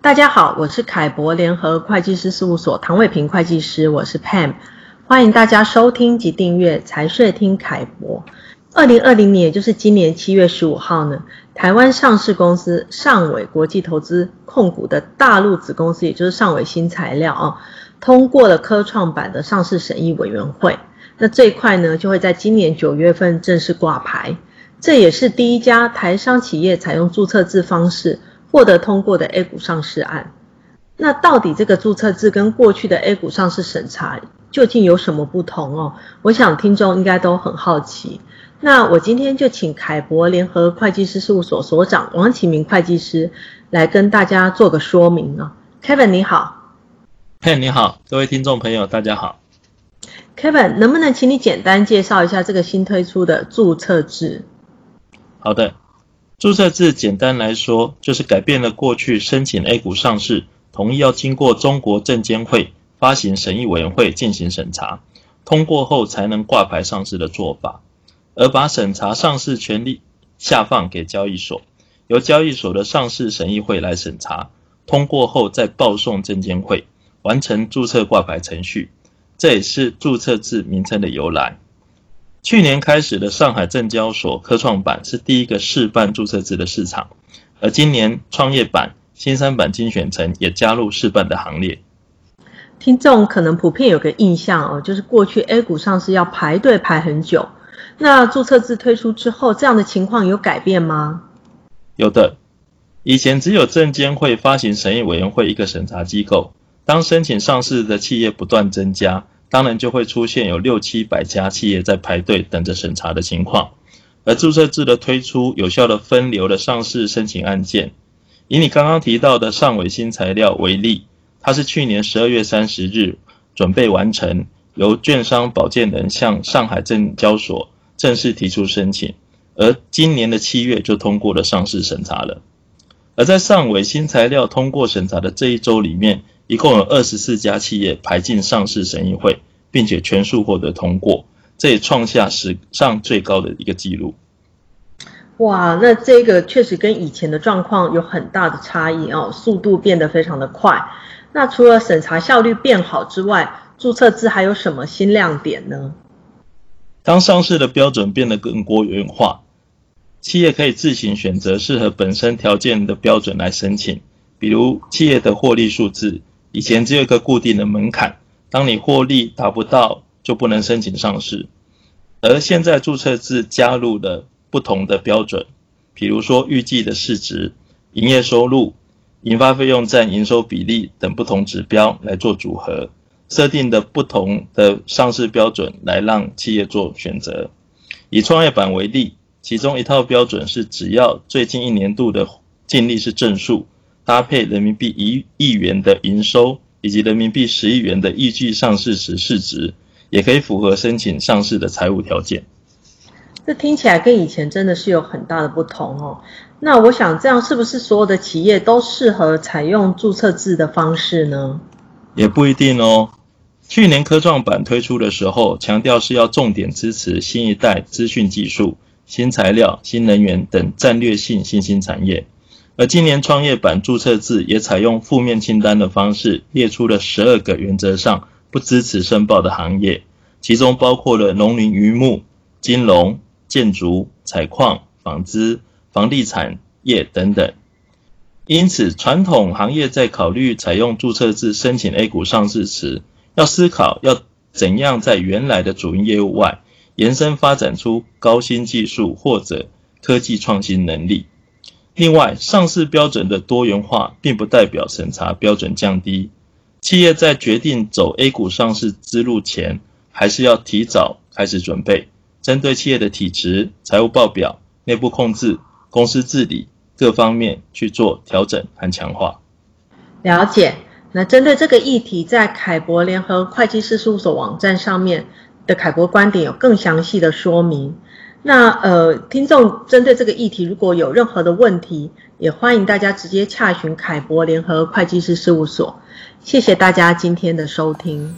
大家好，我是凱博聯合會計師事務所唐偉平會計師，我是 Pam，歡迎大家收聽及訂閱財稅廳凱博。二零二零年，也就是今年七月十五號呢，台灣上市公司尚偉國際投資控股的大陸子公司，也就是尚偉新材料啊，通過了科創板的上市審議委員會。那最快呢，就會在今年九月份正式掛牌。這也是第一家台商企業採用註冊制方式。獲得通過的 A 股上市案，那到底這個註冊制跟過去的 A 股上市審查究竟有什麼不同哦？我想聽眾應該都很好奇。那我今天就請凱博聯合會計師事務所所長王啟明會計師來跟大家做個說明啊、哦。Kevin 你好，Kevin、hey, 你好，各位聽眾朋友大家好。Kevin 能不能請你簡單介紹一下這個新推出的註冊制？好的。註冊制簡單來說，就是改變了過去申請 A 股上市，同意要經過中國證監會發行審議委員會進行審查，通過後才能掛牌上市的做法，而把審查上市權力下放給交易所，由交易所的上市審議會來審查，通過後再報送證監會，完成註冊掛牌程序。這也是註冊制名稱的由來。去年開始的上海證交所科創板是第一個示範註冊制的市場，而今年創業板、新三板精選層也加入示範的行列。聽眾可能普遍有個印象哦，就是過去 A 股上市要排隊排很久。那註冊制推出之後，這樣的情況有改變嗎？有的，以前只有證監會發行審議委員會一個審查機構，當申請上市的企業不斷增加，當然就會出現有六七百家企業在排隊等着審查的情況，而註冊制的推出有效地分流了上市申請案件。以你剛剛提到的尚偉新材料為例，它是去年十二月三十日準備完成，由券商保薦人向上海證交所正式提出申請，而今年的七月就通過了上市審查了。而在尚偉新材料通過審查的這一週裡面。一共有二十四家企業排進上市審議會，並且全數獲得通過，這也創下史上最高的一個紀錄。哇，那這個確實跟以前的狀況有很大的差異啊、哦，速度變得非常的快。那除了審查效率變好之外，注冊制還有什麼新亮點呢？當上市的標準變得更多元化，企業可以自行選擇適合本身條件的標準來申請，比如企業的獲利數字。以前只有一個固定的門檻，當你獲利達不到，就不能申請上市。而現在注冊制加入了不同的標準，比如說預計的市值、營業收入、研發費用占營收比例等不同指標來做組合，設定的不同的上市標準來讓企業做選擇。以創業板為例，其中一套標準是只要最近一年度的淨利是正數。搭配人民幣一億元的營收，以及人民幣十億元的預計上市時市值，也可以符合申請上市的財務條件。這聽起來跟以前真的是有很大的不同哦。那我想，這樣是不是所有的企業都適合採用注冊制的方式呢？也不一定哦。去年科創板推出的時候，強調是要重點支持新一代資訊技術、新材料、新能源等戰略性新興產業。而今年創業板註冊制也採用負面清單的方式，列出了十二個原則上不支持申報的行業，其中包括了農林漁牧、金融、建築、採礦、紡織、房地產業等等。因此，傳統行業在考慮採用註冊制申請 A 股上市時，要思考要怎樣在原來的主營業務外，延伸發展出高新技術或者科技創新能力。另外，上市標準的多元化，並不代表審查標準降低。企業在決定走 A 股上市之路前，還是要提早開始準備，針對企業的體質、財務報表、內部控制、公司治理各方面去做調整和強化。了解。那針對這個議題，在凱博聯合會計師事務所網站上面的凱博觀點有更詳細的說明。那呃，聽眾針對這個議題，如果有任何的問題，也歡迎大家直接洽詢凱博聯合會計師事務所。謝謝大家今天的收聽。